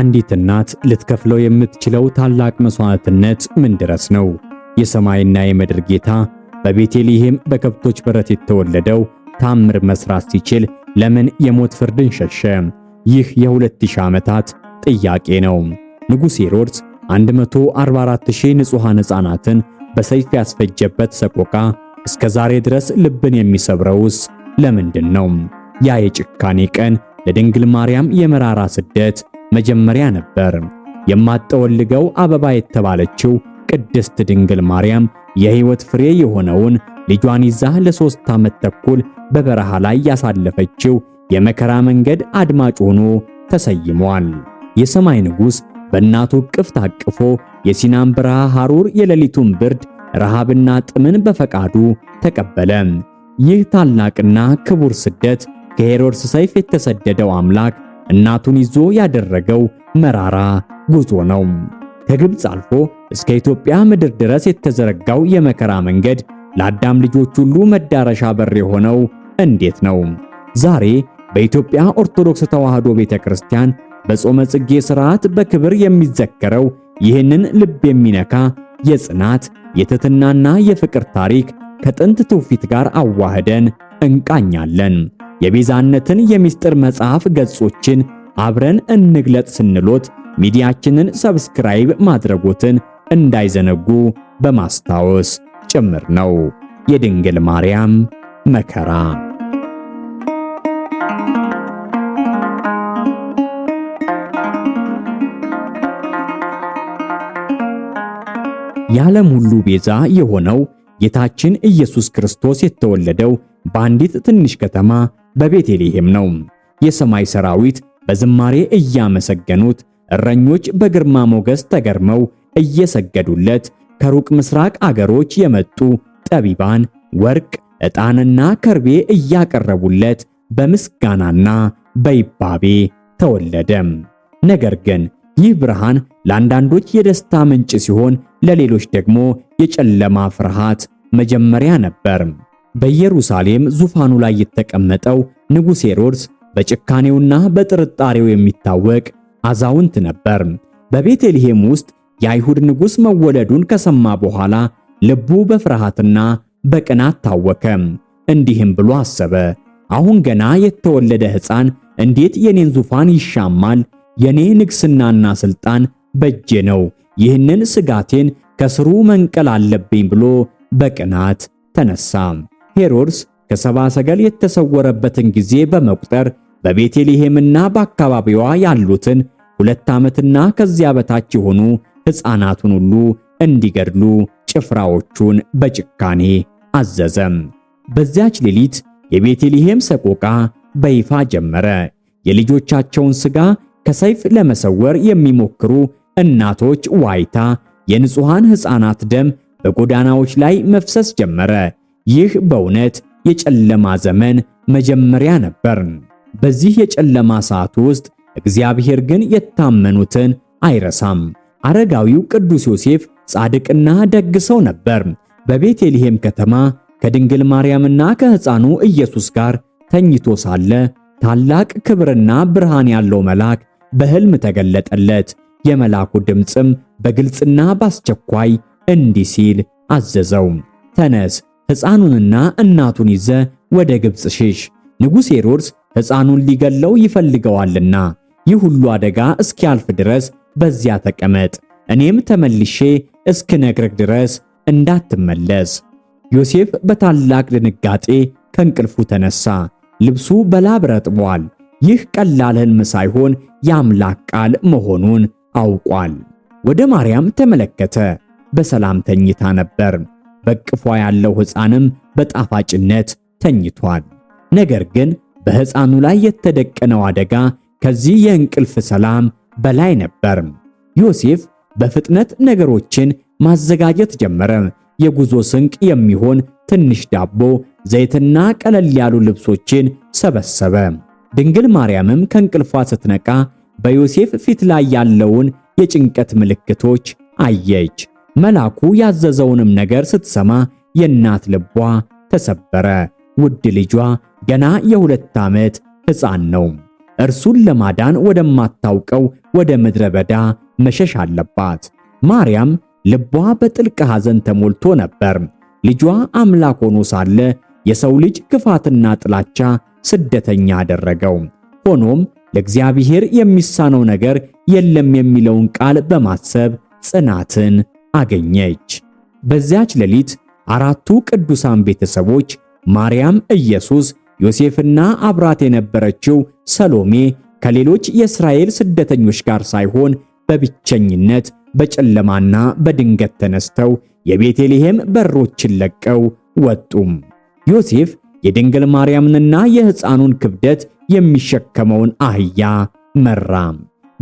አንዲት እናት ልትከፍለው የምትችለው ታላቅ መስዋዕትነት ምን ድረስ ነው? የሰማይና የምድር ጌታ በቤተልሔም በከብቶች በረት የተወለደው ታምር መስራት ሲችል ለምን የሞት ፍርድን ሸሸ? ይህ የ 2000 ዓመታት ጥያቄ ነው። ንጉሥ ሄሮድስ 144000 ንጹሐን ሕፃናትን በሰይፍ ያስፈጀበት ሰቆቃ እስከ ዛሬ ድረስ ልብን የሚሰብረውስ ለምንድን ነው? ያ የጭካኔ ቀን ለድንግል ማርያም የመራራ ስደት መጀመሪያ ነበር። የማጠወልገው አበባ የተባለችው ቅድስት ድንግል ማርያም የሕይወት ፍሬ የሆነውን ልጇን ይዛ ለሶስት ዓመት ተኩል በበረሃ ላይ ያሳለፈችው የመከራ መንገድ አድማጭ ሆኖ ተሰይሟል። የሰማይ ንጉሥ በእናቱ ቅፍት ታቅፎ የሲናን በረሃ ሐሩር የሌሊቱን ብርድ ረሃብና ጥምን በፈቃዱ ተቀበለ። ይህ ታላቅና ክቡር ስደት ከሄሮድስ ሰይፍ የተሰደደው አምላክ እናቱን ይዞ ያደረገው መራራ ጉዞ ነው። ከግብፅ አልፎ እስከ ኢትዮጵያ ምድር ድረስ የተዘረጋው የመከራ መንገድ ለአዳም ልጆች ሁሉ መዳረሻ በር የሆነው እንዴት ነው? ዛሬ በኢትዮጵያ ኦርቶዶክስ ተዋሕዶ ቤተክርስቲያን በጾመ ጽጌ ሥርዓት በክብር የሚዘከረው ይህንን ልብ የሚነካ የጽናት የትሕትናና የፍቅር ታሪክ ከጥንት ትውፊት ጋር አዋህደን እንቃኛለን። የቤዛነትን የምስጢር መጽሐፍ ገጾችን አብረን እንግለጥ ስንሎት ሚዲያችንን ሰብስክራይብ ማድረጎትን እንዳይዘነጉ በማስታወስ ጭምር ነው። የድንግል ማርያም መከራ የዓለም ሁሉ ቤዛ የሆነው ጌታችን ኢየሱስ ክርስቶስ የተወለደው በአንዲት ትንሽ ከተማ በቤተልሔም ነው። የሰማይ ሰራዊት በዝማሬ እያመሰገኑት፣ እረኞች በግርማ ሞገስ ተገርመው እየሰገዱለት ከሩቅ ምስራቅ አገሮች የመጡ ጠቢባን ወርቅ፣ ዕጣንና ከርቤ እያቀረቡለት በምስጋናና በይባቤ ተወለደ። ነገር ግን ይህ ብርሃን ለአንዳንዶች የደስታ ምንጭ ሲሆን፣ ለሌሎች ደግሞ የጨለማ ፍርሃት መጀመሪያ ነበር። በኢየሩሳሌም ዙፋኑ ላይ የተቀመጠው ንጉሥ ሄሮድስ በጭካኔውና በጥርጣሬው የሚታወቅ አዛውንት ነበር። በቤተልሔም ውስጥ የአይሁድ ንጉሥ መወለዱን ከሰማ በኋላ ልቡ በፍርሃትና በቅናት ታወከ። እንዲህም ብሎ አሰበ፣ አሁን ገና የተወለደ ሕፃን እንዴት የኔን ዙፋን ይሻማል? የኔ ንግሥናና ሥልጣን በጄ ነው። ይህንን ስጋቴን ከስሩ መንቀል አለብኝ ብሎ በቅናት ተነሳ። ሄሮድስ ከሰባ ሰገል የተሰወረበትን ጊዜ በመቁጠር በቤተልሔምና በአካባቢዋ ያሉትን ሁለት ዓመትና ከዚያ በታች የሆኑ ሕፃናቱን ሁሉ እንዲገድሉ ጭፍራዎቹን በጭካኔ አዘዘም። በዚያች ሌሊት የቤተልሔም ሰቆቃ በይፋ ጀመረ። የልጆቻቸውን ሥጋ ከሰይፍ ለመሰወር የሚሞክሩ እናቶች ዋይታ፣ የንጹሐን ሕፃናት ደም በጎዳናዎች ላይ መፍሰስ ጀመረ። ይህ በእውነት የጨለማ ዘመን መጀመሪያ ነበር። በዚህ የጨለማ ሰዓት ውስጥ እግዚአብሔር ግን የታመኑትን አይረሳም። አረጋዊው ቅዱስ ዮሴፍ ጻድቅና ደግ ሰው ነበር። በቤተልሔም ከተማ ከድንግል ማርያምና ከሕፃኑ ኢየሱስ ጋር ተኝቶ ሳለ ታላቅ ክብርና ብርሃን ያለው መልአክ በሕልም ተገለጠለት። የመልአኩ ድምፅም በግልጽና በአስቸኳይ እንዲህ ሲል አዘዘው፣ ተነስ ሕፃኑንና እናቱን ይዘ ወደ ግብፅ ሽሽ፣ ንጉሥ ሄሮድስ ሕፃኑን ሊገለው ይፈልገዋልና ይህ ሁሉ አደጋ እስኪያልፍ ድረስ በዚያ ተቀመጥ፣ እኔም ተመልሼ እስክነግርህ ድረስ እንዳትመለስ። ዮሴፍ በታላቅ ድንጋጤ ከእንቅልፉ ተነሳ። ልብሱ በላብ ረጥቧል። ይህ ቀላል ህልም ሳይሆን የአምላክ ቃል መሆኑን አውቋል። ወደ ማርያም ተመለከተ። በሰላም ተኝታ ነበር። በቅፏ ያለው ሕፃንም በጣፋጭነት ተኝቷል። ነገር ግን በሕፃኑ ላይ የተደቀነው አደጋ ከዚህ የእንቅልፍ ሰላም በላይ ነበር። ዮሴፍ በፍጥነት ነገሮችን ማዘጋጀት ጀመረ። የጉዞ ስንቅ የሚሆን ትንሽ ዳቦ፣ ዘይትና ቀለል ያሉ ልብሶችን ሰበሰበ። ድንግል ማርያምም ከእንቅልፏ ስትነቃ በዮሴፍ ፊት ላይ ያለውን የጭንቀት ምልክቶች አየች። መልአኩ ያዘዘውንም ነገር ስትሰማ የእናት ልቧ ተሰበረ። ውድ ልጇ ገና የሁለት ዓመት ሕፃን ነው። እርሱን ለማዳን ወደማታውቀው ወደ ምድረ በዳ መሸሽ አለባት። ማርያም ልቧ በጥልቅ ሐዘን ተሞልቶ ነበር። ልጇ አምላክ ሆኖ ሳለ የሰው ልጅ ክፋትና ጥላቻ ስደተኛ አደረገው። ሆኖም ለእግዚአብሔር የሚሳነው ነገር የለም የሚለውን ቃል በማሰብ ጽናትን አገኘች። በዚያች ሌሊት አራቱ ቅዱሳን ቤተሰቦች ማርያም፣ ኢየሱስ፣ ዮሴፍና አብራት የነበረችው ሰሎሜ ከሌሎች የእስራኤል ስደተኞች ጋር ሳይሆን በብቸኝነት በጨለማና በድንገት ተነስተው የቤተልሔም በሮችን ለቀው ወጡም። ዮሴፍ የድንግል ማርያምንና የሕፃኑን ክብደት የሚሸከመውን አህያ መራ።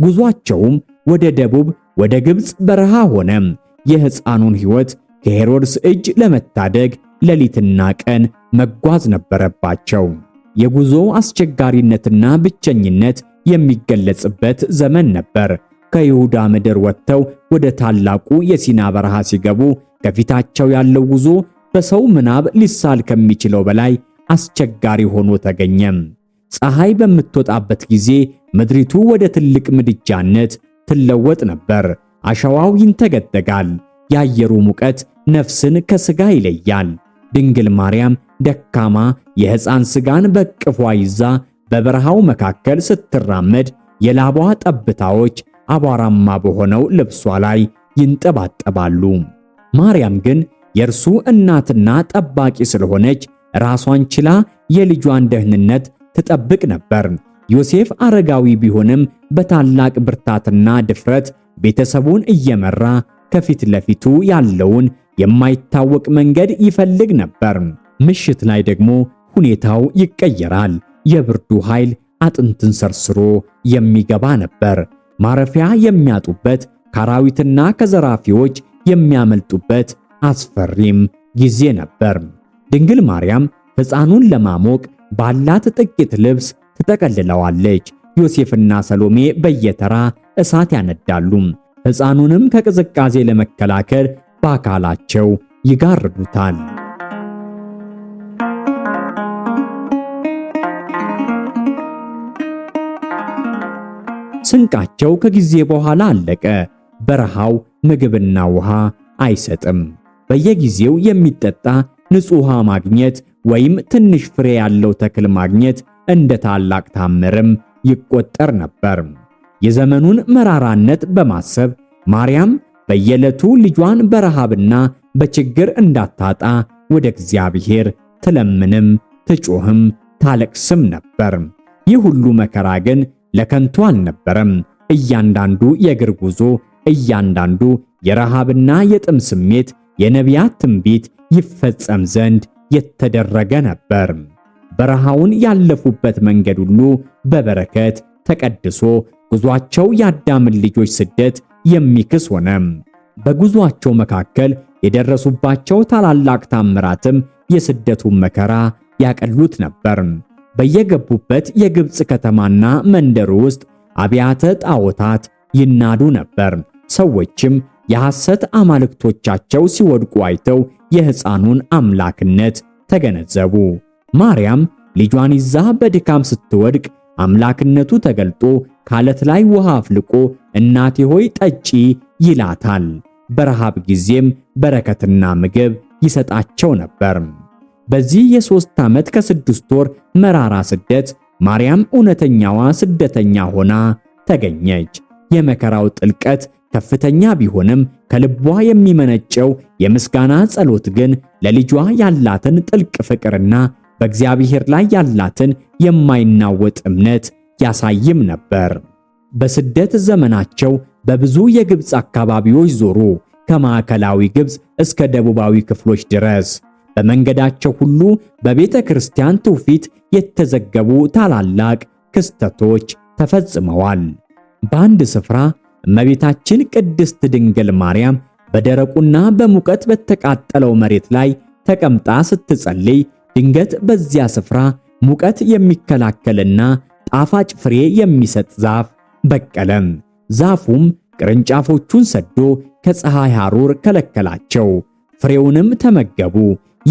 ጉዟቸውም ወደ ደቡብ ወደ ግብፅ በረሃ ሆነ። የሕፃኑን ሕይወት ከሄሮድስ እጅ ለመታደግ ሌሊትና ቀን መጓዝ ነበረባቸው። የጉዞ አስቸጋሪነትና ብቸኝነት የሚገለጽበት ዘመን ነበር። ከይሁዳ ምድር ወጥተው ወደ ታላቁ የሲና በረሃ ሲገቡ ከፊታቸው ያለው ጉዞ በሰው ምናብ ሊሳል ከሚችለው በላይ አስቸጋሪ ሆኖ ተገኘ። ፀሐይ በምትወጣበት ጊዜ ምድሪቱ ወደ ትልቅ ምድጃነት ትለወጥ ነበር። አሸዋው ይንተገተጋል። የአየሩ ሙቀት ነፍስን ከስጋ ይለያል። ድንግል ማርያም ደካማ የሕፃን ስጋን በቅፏ ይዛ በበረሃው መካከል ስትራመድ የላቧ ጠብታዎች አቧራማ በሆነው ልብሷ ላይ ይንጠባጠባሉ። ማርያም ግን የእርሱ እናትና ጠባቂ ስለሆነች ራሷን ችላ የልጇን ደህንነት ትጠብቅ ነበር። ዮሴፍ አረጋዊ ቢሆንም በታላቅ ብርታትና ድፍረት ቤተሰቡን እየመራ ከፊት ለፊቱ ያለውን የማይታወቅ መንገድ ይፈልግ ነበር። ምሽት ላይ ደግሞ ሁኔታው ይቀየራል። የብርዱ ኃይል አጥንትን ሰርስሮ የሚገባ ነበር። ማረፊያ የሚያጡበት ከአራዊትና ከዘራፊዎች የሚያመልጡበት አስፈሪም ጊዜ ነበር። ድንግል ማርያም ሕፃኑን ለማሞቅ ባላት ጥቂት ልብስ ትጠቀልለዋለች። ዮሴፍና ሰሎሜ በየተራ እሳት ያነዳሉ። ሕፃኑንም ከቅዝቃዜ ለመከላከል በአካላቸው ይጋርዱታል። ስንቃቸው ከጊዜ በኋላ አለቀ። በረሃው ምግብና ውሃ አይሰጥም። በየጊዜው የሚጠጣ ንጹህ ውሃ ማግኘት ወይም ትንሽ ፍሬ ያለው ተክል ማግኘት እንደ ታላቅ ታምርም ይቆጠር ነበር። የዘመኑን መራራነት በማሰብ ማርያም በየዕለቱ ልጇን በረሃብና በችግር እንዳታጣ ወደ እግዚአብሔር ትለምንም፣ ትጮህም፣ ታለቅስም ነበር። ይህ ሁሉ መከራ ግን ለከንቱ አልነበረም። እያንዳንዱ የእግር ጉዞ፣ እያንዳንዱ የረሃብና የጥም ስሜት የነቢያት ትንቢት ይፈጸም ዘንድ የተደረገ ነበር። በረሃውን ያለፉበት መንገድ ሁሉ በበረከት ተቀድሶ ጉዟቸው የአዳምን ልጆች ስደት የሚክስ ሆነ። በጉዟቸው መካከል የደረሱባቸው ታላላቅ ታምራትም የስደቱን መከራ ያቀሉት ነበር። በየገቡበት የግብፅ ከተማና መንደር ውስጥ አብያተ ጣዖታት ይናዱ ነበር። ሰዎችም የሐሰት አማልክቶቻቸው ሲወድቁ አይተው የሕፃኑን አምላክነት ተገነዘቡ። ማርያም ልጇን ይዛ በድካም ስትወድቅ አምላክነቱ ተገልጦ ካለት ላይ ውሃ አፍልቆ እናቴ ሆይ ጠጪ ይላታል። በረሃብ ጊዜም በረከትና ምግብ ይሰጣቸው ነበር። በዚህ የሦስት ዓመት ከስድስት ወር መራራ ስደት ማርያም እውነተኛዋ ስደተኛ ሆና ተገኘች። የመከራው ጥልቀት ከፍተኛ ቢሆንም ከልቧ የሚመነጨው የምስጋና ጸሎት ግን ለልጇ ያላትን ጥልቅ ፍቅርና በእግዚአብሔር ላይ ያላትን የማይናወጥ እምነት ያሳይም ነበር። በስደት ዘመናቸው በብዙ የግብፅ አካባቢዎች ዞሩ፣ ከማዕከላዊ ግብፅ እስከ ደቡባዊ ክፍሎች ድረስ። በመንገዳቸው ሁሉ በቤተ ክርስቲያን ትውፊት የተዘገቡ ታላላቅ ክስተቶች ተፈጽመዋል። በአንድ ስፍራ እመቤታችን ቅድስት ድንግል ማርያም በደረቁና በሙቀት በተቃጠለው መሬት ላይ ተቀምጣ ስትጸልይ ድንገት በዚያ ስፍራ ሙቀት የሚከላከልና ጣፋጭ ፍሬ የሚሰጥ ዛፍ በቀለም። ዛፉም ቅርንጫፎቹን ሰዶ ከፀሐይ ሐሩር ከለከላቸው፣ ፍሬውንም ተመገቡ።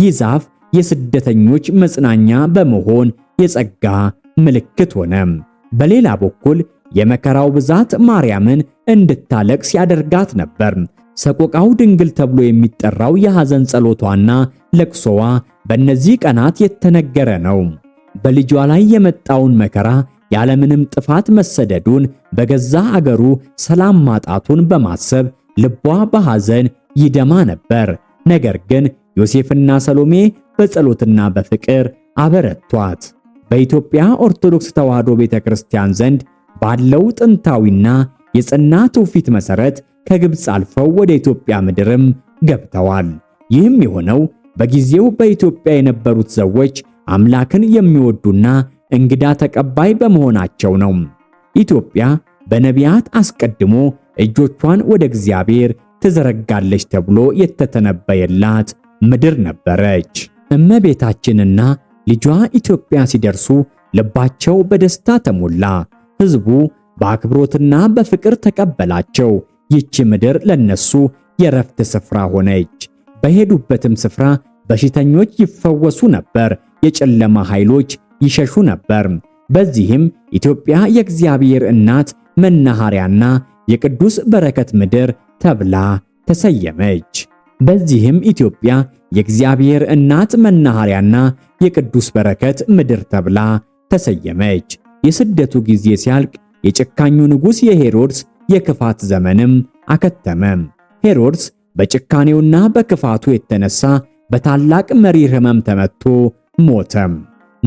ይህ ዛፍ የስደተኞች መጽናኛ በመሆን የጸጋ ምልክት ሆነ። በሌላ በኩል የመከራው ብዛት ማርያምን እንድታለቅስ ያደርጋት ነበር። ሰቆቃው ድንግል ተብሎ የሚጠራው የሐዘን ጸሎቷና ለቅሶዋ በእነዚህ ቀናት የተነገረ ነው። በልጇ ላይ የመጣውን መከራ ያለምንም ጥፋት መሰደዱን፣ በገዛ አገሩ ሰላም ማጣቱን በማሰብ ልቧ በሐዘን ይደማ ነበር። ነገር ግን ዮሴፍና ሰሎሜ በጸሎትና በፍቅር አበረቷት። በኢትዮጵያ ኦርቶዶክስ ተዋሕዶ ቤተ ክርስቲያን ዘንድ ባለው ጥንታዊና የጸና ትውፊት መሠረት ከግብፅ አልፈው ወደ ኢትዮጵያ ምድርም ገብተዋል። ይህም የሆነው በጊዜው በኢትዮጵያ የነበሩት ሰዎች አምላክን የሚወዱና እንግዳ ተቀባይ በመሆናቸው ነው። ኢትዮጵያ በነቢያት አስቀድሞ እጆቿን ወደ እግዚአብሔር ትዘረጋለች ተብሎ የተተነበየላት ምድር ነበረች። እመቤታችንና ልጇ ኢትዮጵያ ሲደርሱ ልባቸው በደስታ ተሞላ። ሕዝቡ በአክብሮትና በፍቅር ተቀበላቸው። ይቺ ምድር ለነሱ የረፍት ስፍራ ሆነች። በሄዱበትም ስፍራ በሽተኞች ይፈወሱ ነበር፣ የጨለማ ኃይሎች ይሸሹ ነበር። በዚህም ኢትዮጵያ የእግዚአብሔር እናት መናኸሪያና የቅዱስ በረከት ምድር ተብላ ተሰየመች። በዚህም ኢትዮጵያ የእግዚአብሔር እናት መናኸሪያና የቅዱስ በረከት ምድር ተብላ ተሰየመች። የስደቱ ጊዜ ሲያልቅ የጭካኙ ንጉሥ የሄሮድስ የክፋት ዘመንም አከተመ። ሄሮድስ በጭካኔውና በክፋቱ የተነሳ በታላቅ መሪ ህመም ተመቶ ሞተም።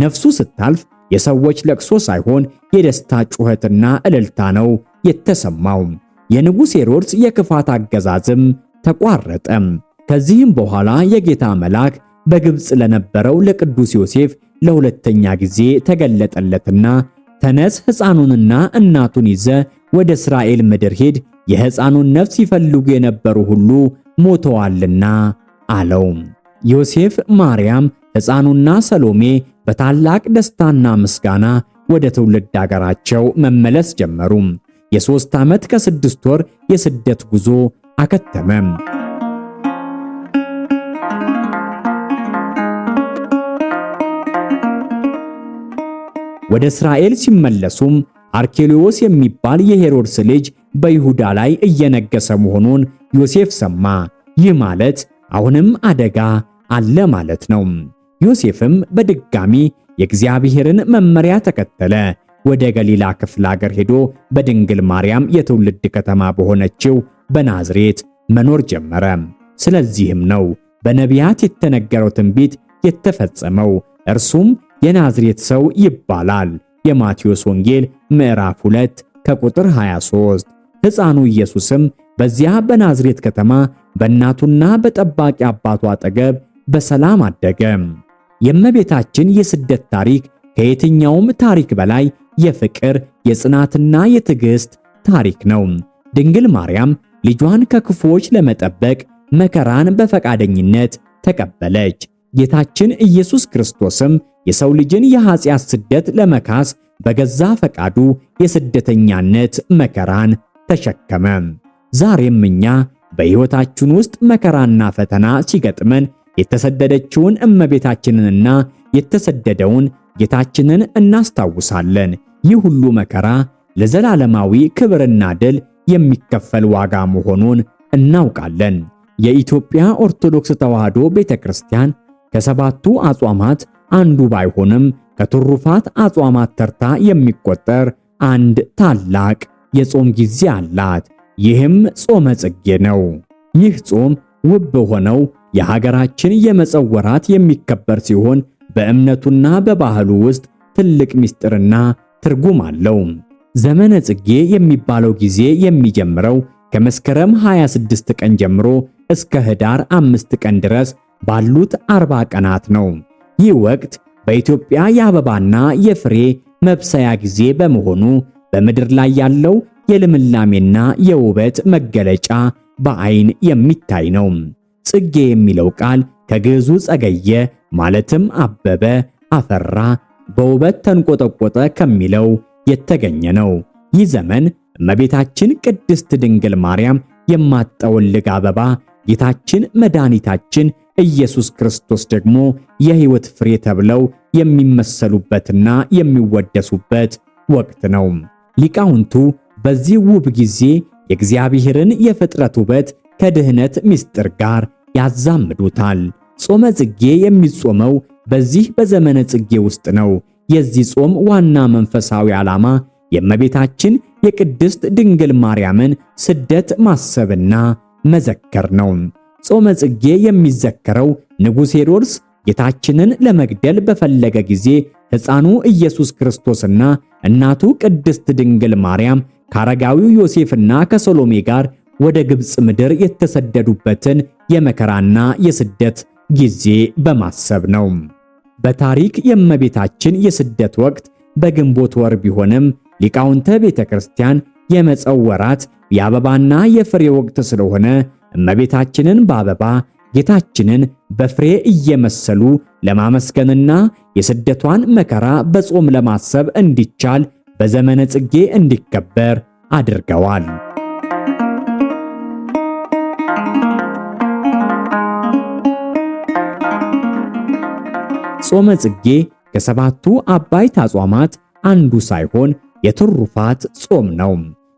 ነፍሱ ስታልፍ የሰዎች ለቅሶ ሳይሆን የደስታ ጩኸትና እልልታ ነው የተሰማው። የንጉሥ ሄሮድስ የክፋት አገዛዝም ተቋረጠም። ከዚህም በኋላ የጌታ መልአክ በግብጽ ለነበረው ለቅዱስ ዮሴፍ ለሁለተኛ ጊዜ ተገለጠለትና ተነስ፣ ሕፃኑንና እናቱን ይዘ ወደ እስራኤል ምድር ሄድ የሕፃኑን ነፍስ ይፈልጉ የነበሩ ሁሉ ሞተዋልና አለው። ዮሴፍ፣ ማርያም፣ ሕፃኑና ሰሎሜ በታላቅ ደስታና ምስጋና ወደ ትውልድ አገራቸው መመለስ ጀመሩ። የሦስት ዓመት ከስድስት ወር የስደት ጉዞ አከተመ። ወደ እስራኤል ሲመለሱም አርኬሌዎስ የሚባል የሄሮድስ ልጅ በይሁዳ ላይ እየነገሰ መሆኑን ዮሴፍ ሰማ። ይህ ማለት አሁንም አደጋ አለ ማለት ነው። ዮሴፍም በድጋሚ የእግዚአብሔርን መመሪያ ተከተለ። ወደ ገሊላ ክፍለ አገር ሄዶ በድንግል ማርያም የትውልድ ከተማ በሆነችው በናዝሬት መኖር ጀመረ። ስለዚህም ነው በነቢያት የተነገረው ትንቢት የተፈጸመው፣ እርሱም የናዝሬት ሰው ይባላል። የማቴዎስ ወንጌል ምዕራፍ 2 ከቁጥር 23። ሕፃኑ ኢየሱስም በዚያ በናዝሬት ከተማ በእናቱና በጠባቂ አባቱ አጠገብ በሰላም አደገ። የእመቤታችን የስደት ታሪክ ከየትኛውም ታሪክ በላይ የፍቅር የጽናትና የትዕግስት ታሪክ ነው። ድንግል ማርያም ልጇን ከክፉዎች ለመጠበቅ መከራን በፈቃደኝነት ተቀበለች። ጌታችን ኢየሱስ ክርስቶስም የሰው ልጅን የኃጢአት ስደት ለመካስ በገዛ ፈቃዱ የስደተኛነት መከራን ተሸከመ። ዛሬም እኛ በሕይወታችን ውስጥ መከራና ፈተና ሲገጥመን የተሰደደችውን እመቤታችንንና የተሰደደውን ጌታችንን እናስታውሳለን። ይህ ሁሉ መከራ ለዘላለማዊ ክብርና ድል የሚከፈል ዋጋ መሆኑን እናውቃለን። የኢትዮጵያ ኦርቶዶክስ ተዋሕዶ ቤተክርስቲያን ከሰባቱ አጽዋማት አንዱ ባይሆንም ከትሩፋት አጽዋማት ተርታ የሚቆጠር አንድ ታላቅ የጾም ጊዜ አላት። ይህም ጾመ ጽጌ ነው። ይህ ጾም ውብ በሆነው የሀገራችን የመጸወራት የሚከበር ሲሆን በእምነቱና በባህሉ ውስጥ ትልቅ ምስጢርና ትርጉም አለው። ዘመነ ጽጌ የሚባለው ጊዜ የሚጀምረው ከመስከረም 26 ቀን ጀምሮ እስከ ህዳር አምስት ቀን ድረስ ባሉት 40 ቀናት ነው። ይህ ወቅት በኢትዮጵያ የአበባና የፍሬ መብሰያ ጊዜ በመሆኑ በምድር ላይ ያለው የልምላሜና የውበት መገለጫ በዓይን የሚታይ ነው። ጽጌ የሚለው ቃል ከግዕዙ ጸገየ ማለትም አበበ፣ አፈራ፣ በውበት ተንቆጠቆጠ ከሚለው የተገኘ ነው። ይህ ዘመን እመቤታችን ቅድስት ድንግል ማርያም የማጠወልግ አበባ፣ ጌታችን መድኃኒታችን ኢየሱስ ክርስቶስ ደግሞ የሕይወት ፍሬ ተብለው የሚመሰሉበትና የሚወደሱበት ወቅት ነው። ሊቃውንቱ በዚህ ውብ ጊዜ የእግዚአብሔርን የፍጥረት ውበት ከድህነት ምስጢር ጋር ያዛምዱታል። ጾመ ጽጌ የሚጾመው በዚህ በዘመነ ጽጌ ውስጥ ነው። የዚህ ጾም ዋና መንፈሳዊ ዓላማ የእመቤታችን የቅድስት ድንግል ማርያምን ስደት ማሰብና መዘከር ነው። ጾመ ጽጌ የሚዘከረው ንጉሥ ሄሮድስ ጌታችንን ለመግደል በፈለገ ጊዜ ሕፃኑ ኢየሱስ ክርስቶስና እናቱ ቅድስት ድንግል ማርያም ከአረጋዊው ዮሴፍና ከሰሎሜ ጋር ወደ ግብጽ ምድር የተሰደዱበትን የመከራና የስደት ጊዜ በማሰብ ነው። በታሪክ የእመቤታችን የስደት ወቅት በግንቦት ወር ቢሆንም ሊቃውንተ ቤተ ክርስቲያን የመጸው ወራት የአበባና የፍሬ ወቅት ስለሆነ እመቤታችንን በአበባ ጌታችንን በፍሬ እየመሰሉ ለማመስገንና የስደቷን መከራ በጾም ለማሰብ እንዲቻል በዘመነ ጽጌ እንዲከበር አድርገዋል። ጾመ ጽጌ ከሰባቱ አባይ አጽዋማት አንዱ ሳይሆን የትሩፋት ጾም ነው።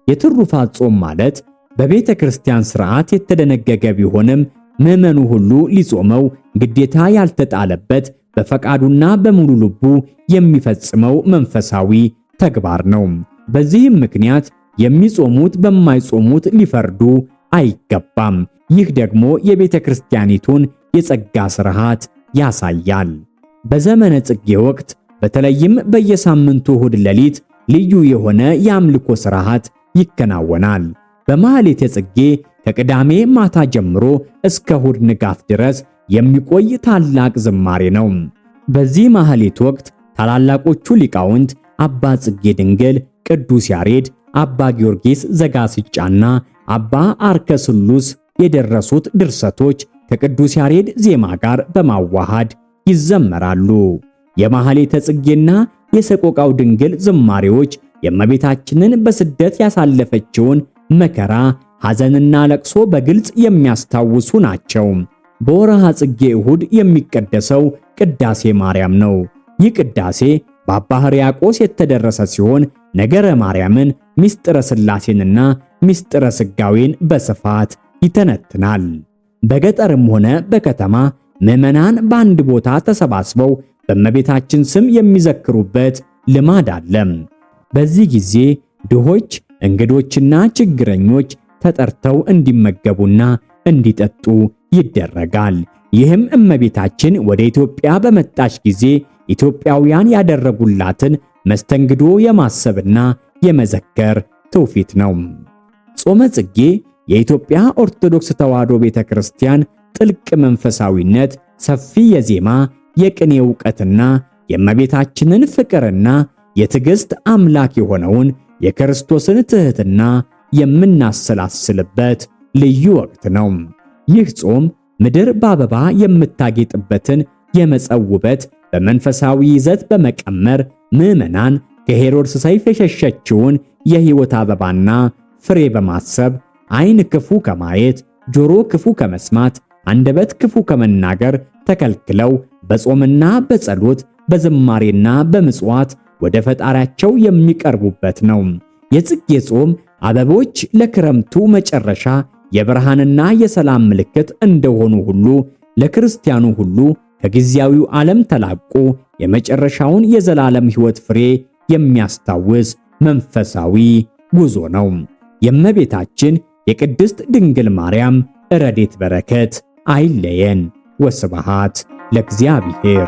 የትሩፋት ጾም ማለት በቤተ ክርስቲያን ሥርዓት የተደነገገ ቢሆንም ምዕመኑ ሁሉ ሊጾመው ግዴታ ያልተጣለበት በፈቃዱና በሙሉ ልቡ የሚፈጽመው መንፈሳዊ ተግባር ነው። በዚህም ምክንያት የሚጾሙት በማይጾሙት ሊፈርዱ አይገባም። ይህ ደግሞ የቤተ ክርስቲያኒቱን የጸጋ ስርዓት ያሳያል። በዘመነ ጽጌ ወቅት በተለይም በየሳምንቱ እሁድ ሌሊት ልዩ የሆነ የአምልኮ ስርዓት ይከናወናል። በማህሌተ ጽጌ ከቅዳሜ ማታ ጀምሮ እስከ እሁድ ንጋት ድረስ የሚቆይ ታላቅ ዝማሬ ነው። በዚህ ማህሌት ወቅት ታላላቆቹ ሊቃውንት አባ ጽጌ ድንግል፣ ቅዱስ ያሬድ፣ አባ ጊዮርጊስ ዘጋስጫና አባ አርከ ስሉስ የደረሱት ድርሰቶች ከቅዱስ ያሬድ ዜማ ጋር በማዋሃድ ይዘመራሉ። የማህሌተ ጽጌና የሰቆቃው ድንግል ዝማሬዎች የእመቤታችንን በስደት ያሳለፈችውን መከራ፣ ሐዘንና ለቅሶ በግልጽ የሚያስታውሱ ናቸው። በወርሃ ጽጌ እሁድ የሚቀደሰው ቅዳሴ ማርያም ነው። ይህ ቅዳሴ በአባ ሕርያቆስ የተደረሰ ሲሆን ነገረ ማርያምን፣ ምስጢረ ሥላሴንና ምስጢረ ሥጋዌን በስፋት ይተነትናል። በገጠርም ሆነ በከተማ ምዕመናን በአንድ ቦታ ተሰባስበው በእመቤታችን ስም የሚዘክሩበት ልማድ አለ። በዚህ ጊዜ ድሆች፣ እንግዶችና ችግረኞች ተጠርተው እንዲመገቡና እንዲጠጡ ይደረጋል። ይህም እመቤታችን ወደ ኢትዮጵያ በመጣች ጊዜ ኢትዮጵያውያን ያደረጉላትን መስተንግዶ የማሰብና የመዘከር ትውፊት ነው። ጾመ ጽጌ የኢትዮጵያ ኦርቶዶክስ ተዋሕዶ ቤተክርስቲያን ጥልቅ መንፈሳዊነት፣ ሰፊ የዜማ የቅኔ ዕውቀትና የእመቤታችንን ፍቅርና የትዕግሥት አምላክ የሆነውን የክርስቶስን ትሕትና የምናሰላስልበት ልዩ ወቅት ነው። ይህ ጾም ምድር በአበባ የምታጌጥበትን የመጸው ውበት በመንፈሳዊ ይዘት በመቀመር ምዕመናን ከሄሮድስ ሰይፍ የሸሸችውን የሕይወት አበባና ፍሬ በማሰብ ዓይን ክፉ ከማየት ጆሮ ክፉ ከመስማት አንደበት ክፉ ከመናገር ተከልክለው በጾምና በጸሎት በዝማሬና በምጽዋት ወደ ፈጣሪያቸው የሚቀርቡበት ነው። የጽጌ ጾም አበቦች ለክረምቱ መጨረሻ የብርሃንና የሰላም ምልክት እንደሆኑ ሁሉ ለክርስቲያኑ ሁሉ ከጊዜያዊው ዓለም ተላቆ የመጨረሻውን የዘላለም ሕይወት ፍሬ የሚያስታውስ መንፈሳዊ ጉዞ ነው። የእመቤታችን የቅድስት ድንግል ማርያም ረዴት በረከት አይለየን። ወስብሃት ለእግዚአብሔር።